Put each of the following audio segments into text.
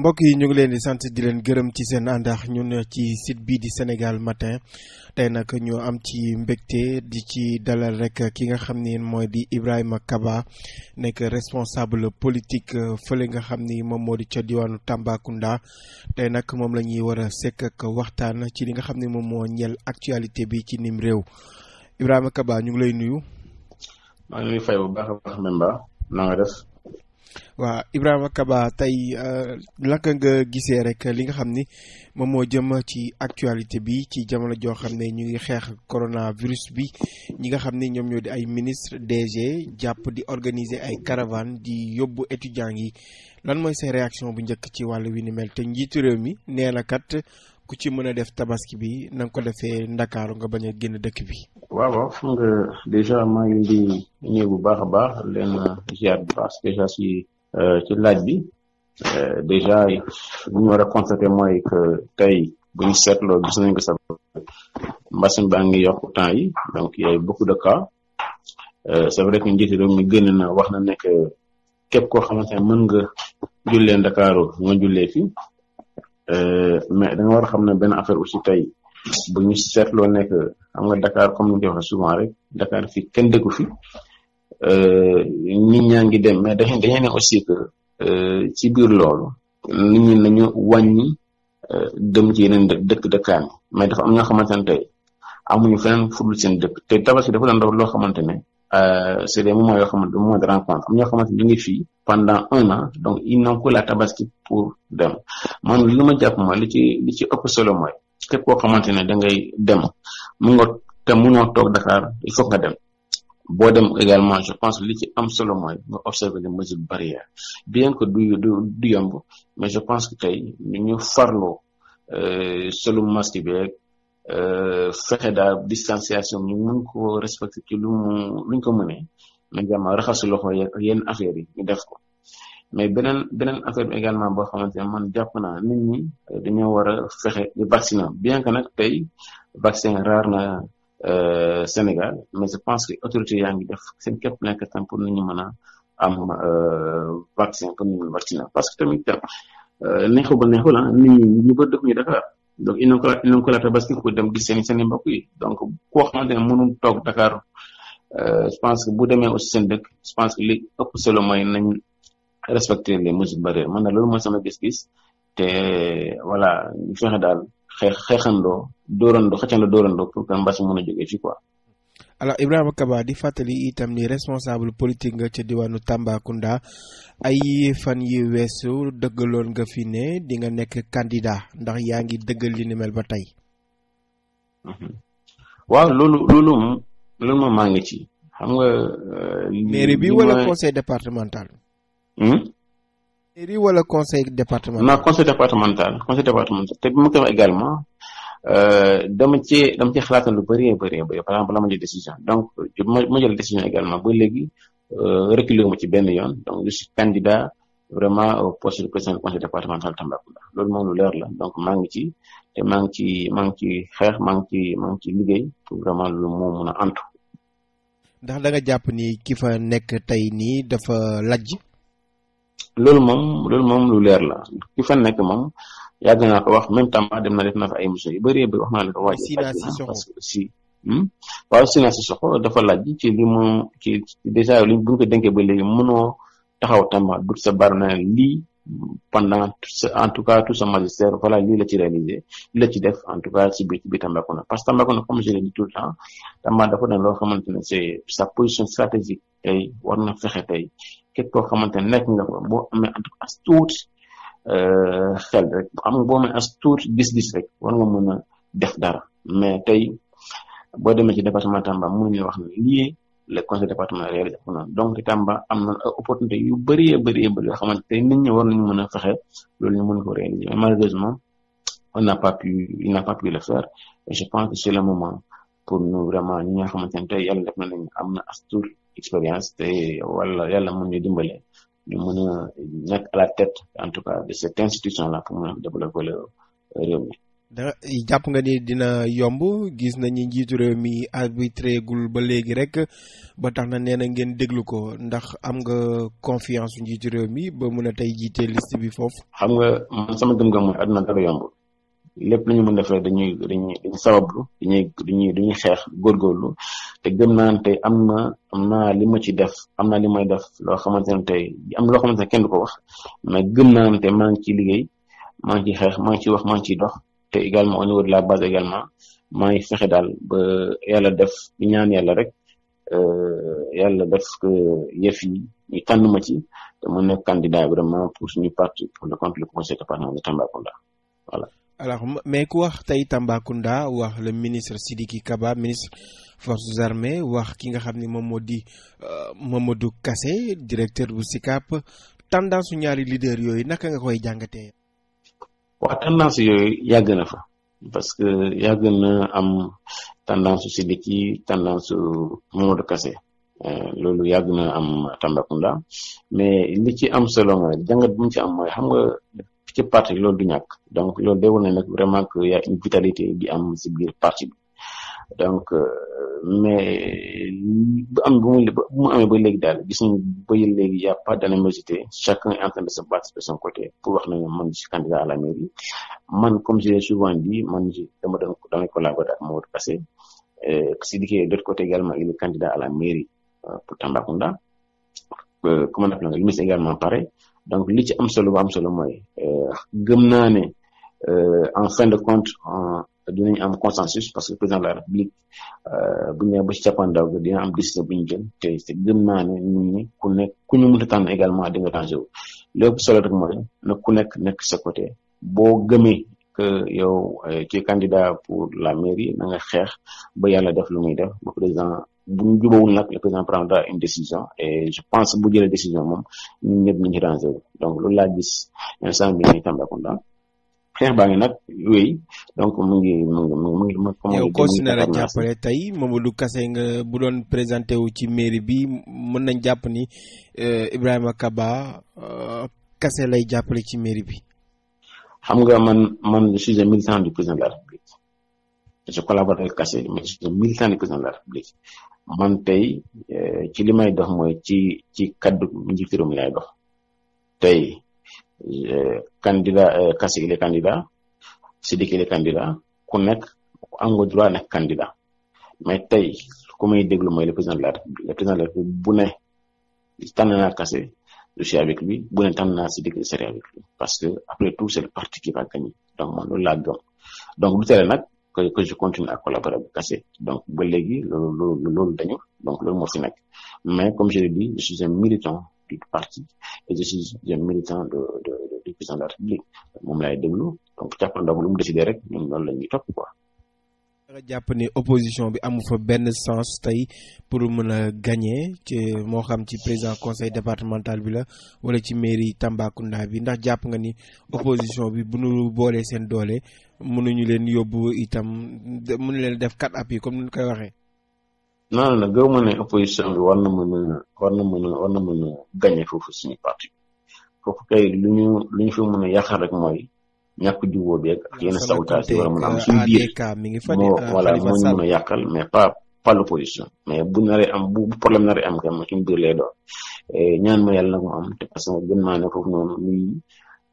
mbokk yi ñu ngi leen di sant di leen gërëm ci seen andax àndaax ñun ci site bii di Sénégal matin tey nag ñoo am ci mbégte di ci dalal rek ki nga xam ni mooy di Ibrahima Kaba nekk responsable politique fële nga xam ni moom moo di ca diwaanu Tambacounda tey nag moom la ñuy war a sekk ak waxtaan ci li nga xam ne moom moo ñeel actualité bi ci nim réew Ibrahima Kaba ñu ngi lay nuyu. maa ngi lay fay bu baax a baax Mbemba na def. waa Ibrahima Kaba tey euh, naka nga gisee rek li nga xam ni moom moo jëm ci actualité bi ci jamono joo xam ne ñu ngi xeex coronavirus bi ñi nga xam ni ñoom ñoo di ay ministre DG jàpp di organiser ay caravane di yóbbu étudiants yi lan mooy seen réaction bu njëkk ci wàll wi ni mel te njiitu réew mi nee na kat ku ci mën a def tabaski bi na ko defee ndakaaru nga bañ a génn dëkk bi. waaw waaw nga déjà maa ngi di ñëw bu baax a baax leen ziar bu baax déjà si. Euh, ci laaj bi euh, déjà bu ñu war a constater mooy que tey bu ñu seetloo gis nañ ko sa mbas mi baa ngi yokku temps yi donc y a beaucoup de cas euh, c'est vrai que njiiti réew mi génn na wax na ne que képp koo xamante ne mën nga jullee Ndakaaru nga jullee fi mais da nga war a xam ne benn affaire aussi tey bu ñu seetloo ne que xam nga Dakar comme ni ñu souvent rek Dakar fii kenn dëkku fi. Euh, nit ñaa ngi dem mais dañuy dañuy ne aussi que euh, ci biir loolu nit ñi nañu wàññi euh, dem ci yeneen dëkk dëkkaan mais dafa am ñoo xamante ne tey amuñu feneen fudul seen dëkk te tabaski dafa doon doon loo xamante ne c'est des moments yoo xamante moment de rencontre am ñoo xamante ne ñu ngi fii pendant un an donc ils n'ont la tabaski pour dem man lu ma jàpp mooy li ci li ci ëpp solo mooy képp koo xamante ne da dem mu nga te munoo toog Dakar il faut nga dem. boo dem également je pense li ci am solo mooy nga observer les mesures barrières bien que du du du yomb mais je pense que tey ñu ñu farloo euh, solu masque bi rek euh, fexe daal distanciation ñu mun ko respecter ci lu mu luñ ko mënee mais également raxasu loxo yenn affaire yi ñu def ko mais beneen beneen affaire bi également boo xamante ne man jàpp naa nit ñi dañoo war a fexe ñu vacciner bien que nag tey vaccin rare na Euh, Sénégal mais je pense que autorité yaa ngi def seen képp nekk tam pour nit ñi mën a am euh, vaccin pour nit ñi vacciner parce que tamit euh, neexu ba neexu la ah, nit ñi ñu bëri def ñu Dakar ah. donc il nañu ko laata parce que dem gis seen seen i mbokk yi donc koo xamante ne mënul toog Dakar je pense que bu demee aussi seen dëkk je pense que li ëpp solo mooy nañ respecter les mesures barrières man na loolu mooy sama gis-gis te voilà ñu fexe daal. xeex xeexandoo dóorandoo xëccandoo dóorandoo pour que mbas mën a jógee fii quoi. alors Ibrahima Kaba di fàttali itam ni responsable politique nga ca diwaanu Tambacounda ay fan yi weesu dëggaloon nga fi ne di nga nekk candidat ndax yaa ngi dëggal li ni mel ba tey. Mhm. waaw loolu loolu moom maa ngi ci xam nga. Euh, mairie bi wala conseil départemental. Hmm? mairie wala conseil départemental. non conseil départemental conseil départemental te bi ma koy également euh, dama dama cee xalaat lu bëri bëri bëri par exemple la ma jël décision donc ma ma jël décision également ba léegi euh, reculé ma ci benn yoon donc je suis candidat vraiment au poste de président du conseil départemental Tambacounda loolu moom lu leer la donc maa ngi ci te maa ngi ci maa ngi ci xeex maa ngi ci maa ngi ci liggéey pour vraiment lu moo mun a antu. ndax da nga jàpp ni ki fa nekk tey nii dafa lajj. loolu moom loolu moom lu leer la ki fa nekk moom yàgg naa ko wax même temps dem na def na ay émission yu bëri wax naa la ko waaye parce que si hmm? waaw Sina Sissoko dafa laaj ci li mu ci dèjà li buñ ko dénkee ba léegi mënoo taxaw Tamba dut sa bar na lii pendant en tout cas tout sa magistère voilà lii la ci réalisé la ci def en tout cas si biir ci biir Tambacounda parce que Tambacounda comme je l'ai dit tout le temps Tamba dafa doon loo xamante ne c'est sa position stratégique tey war na fexe tey képp koo xamante ne nekk nga fa boo amee en tout cas euh, xel rek am nga boo amee as tout gis-gis rek war nga mën a def dara mais tey boo demee ci département Tamba mënuñu wax ne lii le conseil départemental réalisé ko noonu donc Tamba am na ay opportunité yu bëri bëri bëri yoo xamante tey nit ñi war nañu mën a fexe loolu ñu mën ko réaliser mais malheureusement on n'a pas n'a pas pu le faire je pense que moment pour nous vraiment ñi nga tey yàlla def nañu am na as expérience te wala yàlla mun ñu dimbale ñu mën a nekk à la tête en tout cas de cette institution la pour mën a développer le réew mi. da jàpp nga ni dina yomb gis nañu njiitu réew mi arbitré gul ba léegi rek ba tax na nee na ngeen déglu ko ndax am nga confiance njiitu réew mi ba mun a tey jiite liste bi foofu. xam nga man sama gëm-gëm mooy àdduna dara yomb lépp lañu ñu mën def rek dañuy dañuy dañuy sabablu dañuy dañuy dañuy xeex góorgóorlu te gëm naa ne tey am na am na li ma ci def am na li may def loo xamante ne tey am loo xamante kenn du ko wax mais gëm naa ne tey maa ngi ciy liggéey maa ngi ciy xeex maa ngi ciy wax maa ngi ciy dox te également au niveau de la base également maa ngi fexe daal ba yàlla def di ñaan yàlla rek euh, yàlla def que yëf yi ñu tànn ma ci te mu nekk candidat vraiment pour suñu parti pour le compte le conseil départemental de Tambacounda alors mais ku wax tey Tambacounda wax le ministre Sidiki Kaba ministre forces armées wax ki nga xam ni moom moo di euh, Mamadou kase directeur bu SICAP tendance su ñaari leader yooyu naka nga koy jàngatee. waaw tendance yooyu yàgg na fa parce que yàgg na am tendance su Sidiki tendance su Mamadou Kassé euh, loolu yàgg na am Tambacounda mais li ci am solo mooy jàngat bu mu ci am mooy xam nga. ci parti bi loolu du ñàkk donc loolu day wane nag vraiment que y a une vitalité bi am si biir parti donc euh, mais bu am bu mu bu mu amee ba léegi daal gis ba léegi y' a pas d'animosité chacun est en train de son côté pour wax na man je candidat à la mairie man comme je l'ai souvent dit man dama doon damay collaborer ak Mamadou Kassé euh, Sidiki de l'autre côté également il candidat à la mairie euh, pour Tambacounda comment on appelle le ministre également pareil donc li ci am solo ba am solo mooy euh, gëm naa ne euh, en fin de compte dinañ am consensus parce que président de la république euh, bu ñu ba ci cappaandaw ga dina am décision bu ñu jël te te gëm naa ne nit ñi ku nekk ku ñu mën a tànn également di nga tànn lépp solo rek mooy na ku nekk nekk sa côté boo gëmee que yow ci candidat pour la mairie na xeex ba yàlla def lu muy def ba président. bu ñu jubawul nag le président prendra une décision et je pense bu jëlee décision moom ñun ñëpp ñu ngi ci rangé donc loolu laa gis instant bi ñuy Tambacounda xeex baa ngi nag wéy donc mu ngi mu ngi mu ngi mu ngi. yow continué na jàppale tey Mamadou Kassé nga bu doon présenté wu ci mairie bi mën nañ jàpp ni euh, Ibrahima Kaba euh, Kassé lay jàppale ci mairie bi. xam nga man man je suis un militant du président de la République. je collaborateur caché mais je suis militant président la république man tey euh, ci li may dox mooy ci ci kaddu njiitu réew mi lay dox tey euh, candidat euh, Kassé il est candidat Sidiki il est ku nekk am droit nekk candidat mais tey ku may déglu mooy le président la république le président la république bu ne tànn naa Kassé je suis bu ne tànn Sidiki je avec lui parce que après tout c'est le parti qui donc man loolu laa donc du tere nag que que je continue à collaborer bu kase donc ba léegi loolu loolu loolu donc loolu moo mais comme je l'ai dit je suis un militant du parti et je suis un militant de de du président de la République moom laay déglu rek ñun loolu la ñuy nga jàpp ni opposition bi amu fa benn sens tey pour mën a gagner ci moo xam ci président conseil départemental bi la wala ci mairie Tambacounda bi ndax jàpp nga ni opposition bi bu ñu boolee seen doole mënuñu leen yóbbu itam mënu leen def quatre appuis comme ni ñu koy waxee. non non gëw ma ne opposition bi war na mën war na mën a war na mën a gagner foofu suñu parti foofu kay lu ñu lu ñu fi mën a yaakaar rek mooy. ñàkk jubóo beeg ak ah, a mën a am suñu biir moo ah, voilà a yàqal mais pas l'opposition mais bu naree am bu problème naree am kam suñu biir lay doon ñaan ma yàlla na mu am te parce que gën naa ne foofu noonu luy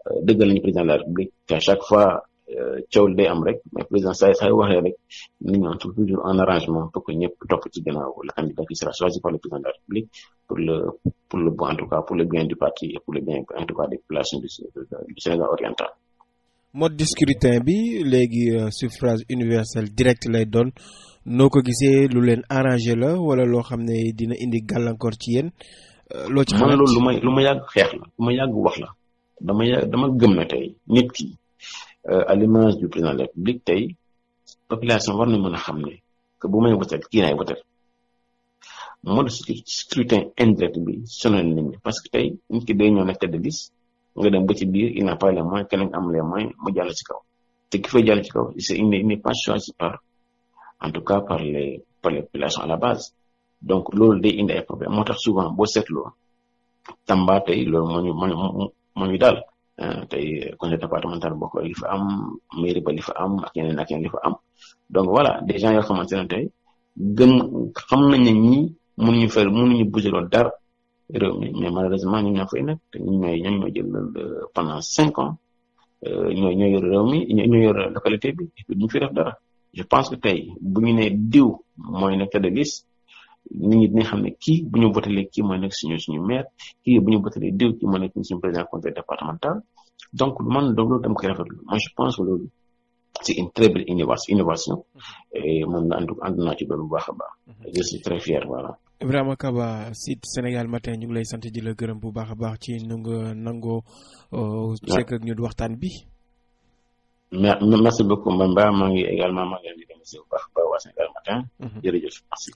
euh, dëggal lañu président de la république te chaque fois euh, coow day am rek mais président saa saa waxee rek nit ñi sont toujours en arrangement pour que ñëpp topp ci gannaaw le candidat qui sera choisi par le président de la République pour le pour le bien du parti en tout cas des populations du Sénégal oriental mode di scrutin bi léegi euh, suffrage universel direct lay doon noo ko gisee lu leen arrangé la wala loo xam ne dina indi gàllankoor ci yéen. Euh, loo ci man loolu lu may lu ma yàgg xeex la lu ma yàgg wax la dama yàgg dama gëm na tey nit ki euh, à l'image du président République tey population war na mën a xam ne que bu may wotal kii naay wotal mode scrutin indirect bi sonal nit ñi parce que tey nit ki day ñëw nekk tête de nga dem ba ci biir il n'a pas les moyens keneen am les moyens mu jàll ci kaw te ki fay jàll ci kaw c'est il pas choisi par en tout cas par les par les populations à la base donc loolu day indi ay problème moo tax souvent boo seetloo Tamba tey loolu moo ñu moo ñu moo ñu daal euh, tey conseil départemental bokk li fa am mairie ba li fa am ak yeneen ak li fa am donc voilà des gens yoo xamante ne tey gën xam na ne ñi mënuñu fer mënuñu bouger loolu dara réew mi mais malheureusement ñoom ñoo fay nekk te ñoom ñooy ñoom ñoo jël pendant cinq ans ñoo ñoo yor réew mi ñoo yor localité bi et puis duñu je pense que tey bu ñu nee diw mooy nekk de liste nit ñi dinañ xam ne kii bu ñu votelé kii mooy nekk suñu suñu maire kii bu ñu votelé diw kii mooy nekk suñu président conseil départemental donc man donc loolu dama koy rafetlu moi je pense que loolu c'est une très belle innovation innovation mm-hmm. et man ànd naa ci loolu bu baax a baax mm-hmm. je suis très Ibrahima Kaba site Sénégal matin ñu ngi lay sant di la gërëm bu baax a baax ci nu nga nangoo. Euh, sekk ñu waxtaan bi. merci beaucoup Mbamba maa également maa ngi leen di remercier bu baax a baax waa Sénégal matin. Mhm. jërëjëf merci.